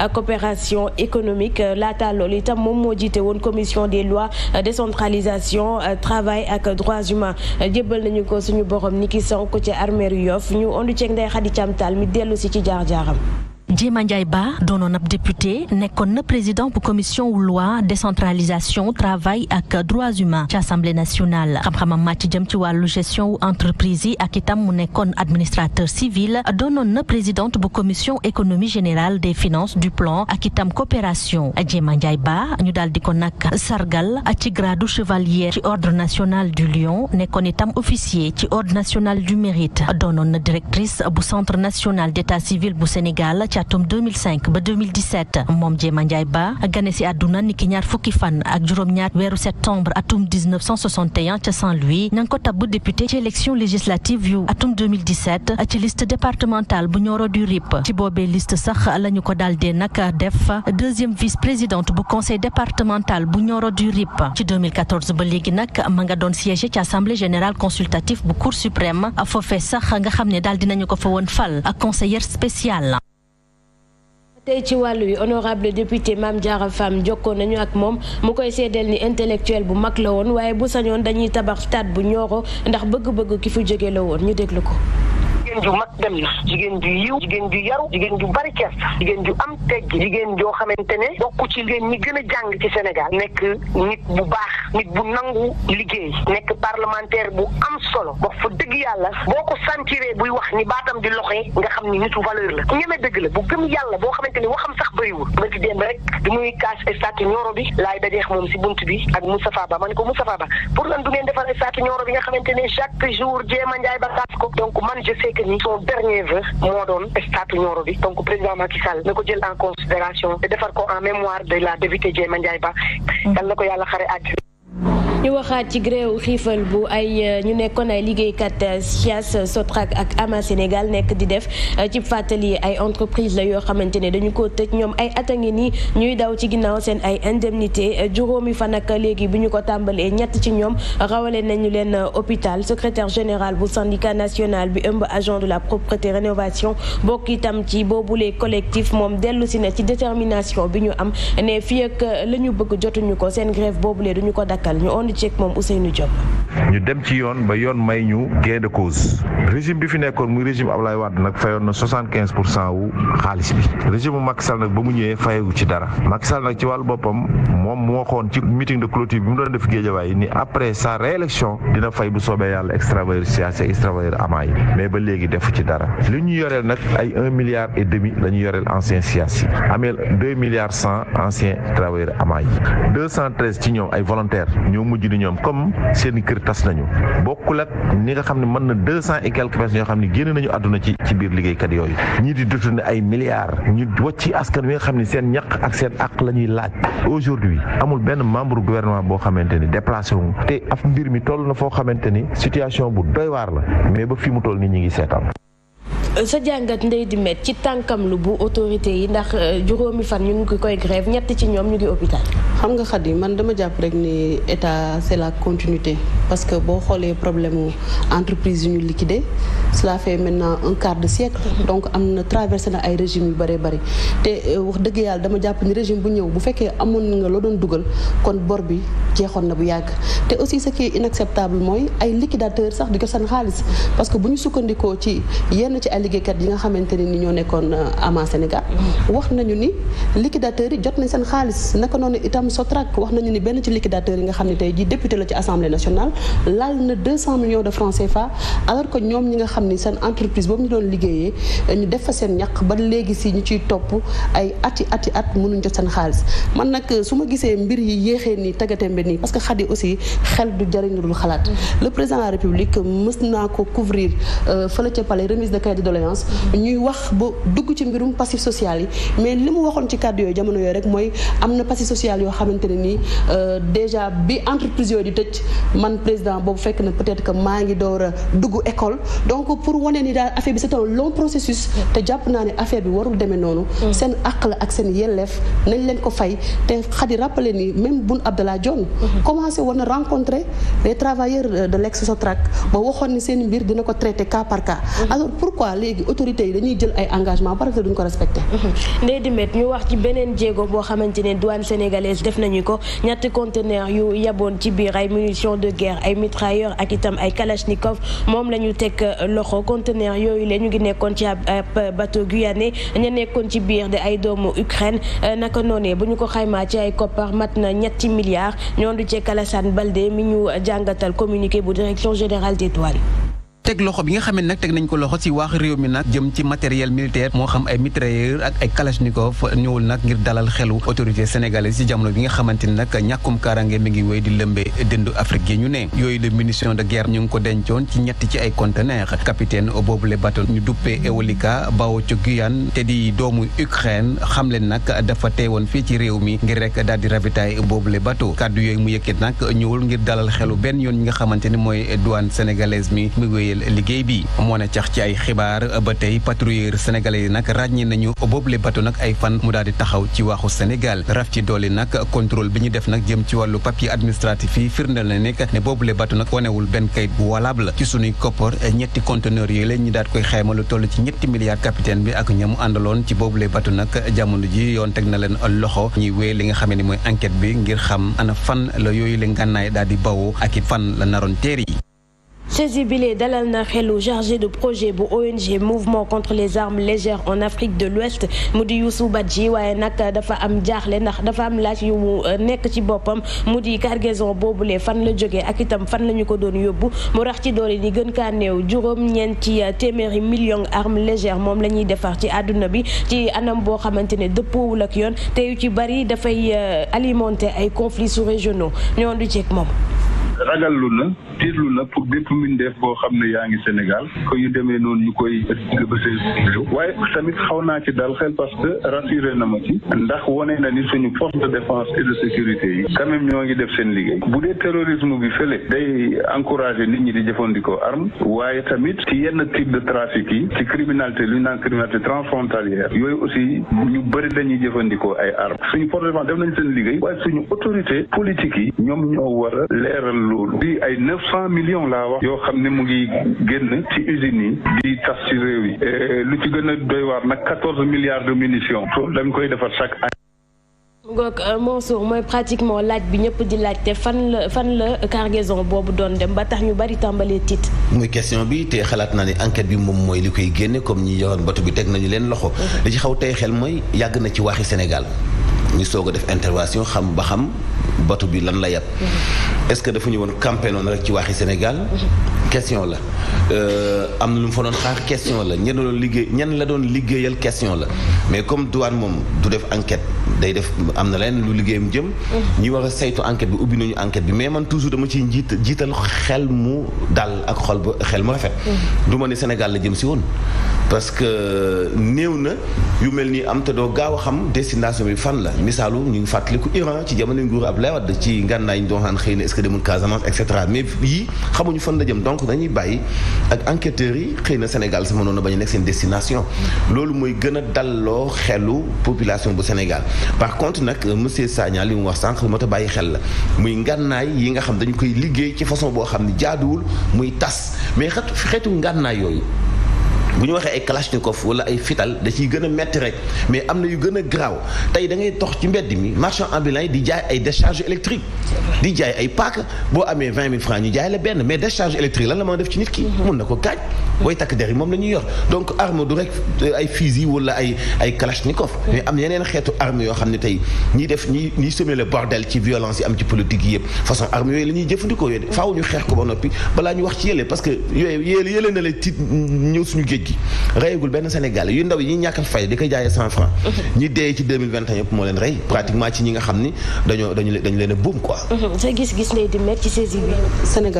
Euh, coopération économique euh, laata loolu itam moom moo jiite woon commission des lois euh, décentralisation travail ak droits humains jébbal nañu ko suñu borom ni ki sank ko ci armeeru Yoff ñu ondu ceeg Ndeye Khady Thiam Tall mi dellu si ci jaar-jaaram Ndiéma Ndiaye Ba doonoon ab député nekkoon na président bu commission wu loi décentralisation travail ak droits humains ci assemblée nationale xam-xamam màcc jëm ci wàllu gestion wu entreprise yi ak itam mu nekkoon administrateur civil doonoon na présidente bu commission économie générale des finances du plan ak itam coopération Ndiéma Ndiaye Ba ñu daal di ko nag sargal ci grade chevalier ci ordre national du Lion nekkoon itam officier ci ordre national du mérite doonoon na directrice bu centre national d'état civil bu Sénégal. ci atum 2005 ba moom Jéema Njaay Ba gane si àdduna ni ñaar fukki fan ak juróom-ñaar weeru septembre atum ca Saint-Louis ña ngi ko député ci élection législative yu atum ci liste départementale bu Nioro du Rip ci boobee liste sax la ñu ko daal dee nag def deuxième vice présidente bu conseil départemental bu Nioro du Rip ci ba léegi nag ma nga doon siéger ci assemblée générale consultative bu cour suprême foofee sax nga xam ne daal dinañu ko fa fal ak conseillère tey ci wàllu yi honorable député maam Diarra Fam jokkoo nañu ak moom mu koy seedeel ni intellectuel bu mag la woon waaye bu sañoon dañuy tabax stade bu Nioro ndax bëgg-bëgg ki fu jóge la woon ñu déglu ko jigéen ju mag dem na jigéen ju yiw jigéen ju yaru jigéen ju bari kersa jigéen ju am tegg jigéen joo xamante ne bokk ci jigéen ñi gën a jàng ci Sénégal nekk nit bu baax nit bu nangu liggéey nekk parlementaire bu am solo wax fa dëgg yàlla boo ko sentiree buy wax ni baatam di loxee nga xam ni nitu valeur la ñeme dëgg la bu gëm yàlla boo xamante ni waxam sax bëriwul ba ci démb rek du muy kaas statu ñoro bi laay dajeex moom si bunt bi ak Moustapha Ba ma ne ko Moustapha Ba pour lan du ngeen a son dernier vœu moo doon statut Nioro bi donc président Macky Sall na ko jël en considération te defar ko en mémoire de la députée Diema Ndiaye Ba. Mm. yal na ko yàlla xare àddina ñu waxaat ci gréew xiifal bu ay euh, ñu nekkoon ay liggéeykat SIAS euh, SOTRAC ak AMA Sénégal nekk di def euh, ci fàttali ay entreprise la yoo xamante ne dañu ko tëj ñoom ay at a ngi nii ñuy daw ci ginnaaw seen ay indemnité juróomi fan ak léegi bu ñu ko tàmbalee ñett ci ñoom rawale nañu leen hôpital secretaire général bu syndicat national bi ëmb agent de la propreté rénovation bokk itam ci boobulee collectif moom dellu si na ci détermination bi ñu am ne fii la ñu bëgg jotuñu ko seen grève boobulee duñu ko dakkal ànd ceeg moom Ousseynou dem ci yoon ba yoon may ñu gain de cause régime bi fi nekkoon muy régime Ablaye Wade nag fayoon na soixante quinze pour cent wu xaalis bi régime bu Macky Sall nag ba mu ñëwee fayewu ci dara Macky Sall nag ci wàllu boppam moom moo waxoon ci meeting de clôture bi mu doon def Guédiawaye ni après sa réélection dina fay bu soobee yàlla extravageur siyaase extravageur amaa yi mais ba léegi defu ci dara li ñu yoreel nag ay un milliard et demi la ñu yoreel ancien siyaas yi ameel deux cent ancien travailleur amaa yi deux cent ci ñoom ay volontaires mujj di ñoom comme seen kër ne mën na deux cent yoo xam ne génn nañu àdduna ci ci biir liggéeykat yooyu ñii di détourné ay milliards ñu seen ñaq seen àq la ñuy laaj aujourd'hui benn membre gouvernement boo xamante ni déplacé wu te af mi toll na foo xamante ni situation bu doy waar la mais ba fi mu toll nii ñu ngi seetaan. sa jàngat ndey di met ci tànkam lu bu autorité yi ndax euh, juróomi fan ñu ngi koy grève ñett ci ñoom ñu ngi hôpital. xam nga xadi man dama jàpp rek ni état c'est la continuité parce que boo xoolee problème entreprise yu ñu liquidé cela fait maintenant un quart de siècle donc am na traversé na ay régime yu bëree bëri te euh, wax dëgg yàlla dama jàpp ni régime bu ñëw bu fekkee amoon nga loo doon dugal kon bor bi jeexoon na bu yàgg te aussi ce qui est inacceptable mooy ay liquidateur sax di ko seen xaalis parce que bu ñu sukkandikoo ci yenn ci ay liggéeykat yi nga xamante ne ni ñoo nekkoon euh, ama Sénégal wax nañu même wax nañu ni benn ci liquidateur yi nga xam ne tey jii député la ci assemblée nationale laal na 200 millions de francs CFA alors que ñoom ñi nga xam ni seen entreprise boobu ñu doon liggéeyee ñu def fa seen ñax ba léegi si ñu ciy topp ay ati ati at mënuñ jot seen xaalis man nag su ma gisee mbir yi yéexee nii tagatembe nii parce que xadi aussi xel du jariñ lu xalaat le président de la république mës naa ko couvrir euh, fële ca palais remise de cahier de doléance ñuy wax ba dugg ci mbirum passif social yi mais li mu waxoon ci kàddu yooyu jamono yooyu rek mooy am na passif social yoo xamante ne nii euh, déjà bi entreprise yooyu di tëj man président boobu fekk na peut-être que maa ngi door a dugg école donc pour wane ni daal affaire bi c'est un long processus te jàpp naa ne affaire bi warul deme noonu mm. seen àq la ak seen yelleef nañ leen ko fay te xadi rappelé ni même Boun Abdallah Dionne mm-hmm. commencé war na rencontrer les travailleurs euh, de l'ex-Sotrac ba waxoon ni seen mbir dina ko traité cas par cas mm-hmm. alors pourquoi léegi autorités yi dañuy jël ay engagement parce que duñ ko respecter mm-hmm. Ndeye Dimet ñu wax def nañu ko ñetti conteneur yu yaboon ci biir ay munitions de guerre ay mitrailleurs ak itam ay kalachnikov moom la ñu teg euh, loxo conteneur yooyu la ñu ngi nekkoon ci ab bateau guyanais ña nekkoon ci biir de ay doomu Ukraine euh, naka noonee bu ñu ko xaymaa ci ay koppar mat na ñetti milliards ñoon du ci Alassane Balde mi ñu jàngatal communiqué bu direction générale des douanes teg loxo bi nga xamee ne nag teg nañ ko loxo ci waax réew mi nag jëm ci matériel militaire moo xam ay mitrailleur ak ay kalachnikov ñëwul nag ngir dalal xelu autorité sénégalaise ci jamono bi nga xamante ni nag ñàkkum kaarange mi ngi wéy di lëmbee dëndu Afrique yi ñu ne yooyu la munition de guerre ñu ngi ko dencoon ci ñett ci ay conteneur capitaine boobule bateau ñu duppee Eolika bawoo ca Guyane te di doomu Ukraine xam leen nag dafa woon fii ci réew mi ngir rek daal di ravitaay boobule bateau kàddu yooyu mu yëkkit nag ñëwul ngir dalal xelu benn yoon ñi nga xamante ni mooy douane sénégalaise liggéey bi moo ne cax ci ay xibaar ba tey patrouilleur sénégalais yi nag ràññee nañu boobule bato nag ay fan mu daal di taxaw ci waxu Sénégal raf ci doole nag contrôle bi ñu def nag jëm ci wàllu papier administratif yi firnde la nekk ne boobule bato nag wanewul benn kayit bu la ci sunuy koppar ñetti conteneur yooyu la ñu daal koy xayma lu toll ci ñetti milliards capitaine bi ak ñamu àndaloon ci boobule bato nag jamono ji yoon teg na leen loxo ñuy wéy li nga xam mooy enquête bi ngir xam ana fan la yooyu la ngànnaay daal di bawoo ak it fan la naroon teer yi saisi bile dalal na xelu chargé de projet bu ONG mouvement contre les armes légères en Afrique de l'Ouest mu di Youssou Badji waaye nag dafa am jaaxle ndax dafa am laaj yu euh, nekk ci boppam mu di cargaison boobule fan la jógee ak itam fan la ñu ko doon yóbbu mu rax ci doole di gën kaa néew juróom-ñeent ci euh, téeméeri million armes légères moom la ñuy defar ci àdduna bi ci anam boo xamante ne dëppoowul ak yoon te yu ci bari dafay euh, alimenter ay conflits sous-régionaux ñoo du ceeg moom. ragallu na tiitlu na pour bépp mbindeef boo xam ne yaa ngi Sénégal ko ñu demee noonu ñu koy bësee waaye tamit xaw naa ci dal xel parce que na ma ci ndax wane na ni suñu force de défense et de sécurité yi quand même ñoo ngi def seen liggéey bu dee terrorisme bi fële day encouragé nit ñi di jëfandikoo arme waaye tamit ci yenn type de trafic yi ci criminalité lu ñu naan criminalité transfrontalière yooyu aussi ñu bëri dañuy jëfandikoo ay arme suñu force de nañ seen liggéey waaye loolu di ay neuf cent million laa wax yoo xam ne mu ngi génn ci usines yi di tas ci réew yi euh, lu ci gën a doy waar nag quatorze milliards de munitions so dañ koy defar chaque année ngoog euh, Mansour mooy pratiquement laaj bi ñëpp di laajte fan la fan la cargaison boobu doon dem ba tax ñu bari tàmbalee tiit. muy question bi te xalaat naa ne enquête bi moom mooy li koy génne comme ñi yoroon bato bi teg nañu leen loxo. Mhm. li ci xaw tey xel mooy yàgg na ci waaxi Sénégal. ñu soog a def intervention xam ba xam bato lan la yab. Mhm. est-ce que dafa ñu woon campé noonu rek ci waaxi Sénégal. question la euh, am na lu mu fa doon xaar question la ñan la doon liggéey ñan la doon liggéeyal question la mais comme douane moom du def enquête day def am na leneen lu liggéeyam jëm. Mm-hmm. ñi war a saytu enquête bi ubbi nañu enquete bi mais man toujours dama ciy njiit jiital xel mu dal ak xol ba xel mu rafet. Mm-hmm. du ma ne Sénégal la jëm si woon. parce que néew na yu mel nii am te doo gaaw a xam destination bi fan la misaalu ñu ngi fàttaliku Iran ci jamono nguur Abdoulaye Wade xëy na que demul Casamance et cetera mais yii xamuñu fan la jëm donc dañuy bàyyi ak enquêteurs yi xëy na Sénégal sama noonu bañ a nekk seen destination. loolu mooy gën a dalloo xelu population bu Sénégal par contre nag euh, monsieur Sagna li mu wax sànq lu mot bàyyi xel la muy ngànnaay yi nga xam dañu koy liggéey ci façon boo xam ni jaaduwul muy tas mais xeetu ngànnaay yooyu. bu ñu waxee ay kalachnikov wala ay fital da ciy gën metti rek mais am na yu gën a garaaw tey da ngay tox ci mbedd mi marchand ambulant di jaay ay décharge électrique di jaay ay paaka boo amee 20 000 francs ñu jaay la benn mais décharge électrique lan la mën def ci nit ki mhm. mun na ko kaaj booy takk der yi moom la ñuy yor donc arme du rek ay fusil wala ay ay kalachnikov mais am yeneen xeetu arme yoo xam ne tey ñiy def ñi ñiy semer le bordel ci violence yi am ci politique yi façon arme yooyu la jëfandikoo yooyu faaw ñu xeex ko ba noppi balaa ñu wax ci yële parce yële na la tiit ñëw suñu géej gi reyagul benn Sénégal yu ndaw yi ñuy ñàkkal di ko jaayee cent franc mhm. ñi dee ci yëpp moo leen rey pratiquement ci ñi nga xam ni dañu dañu leen a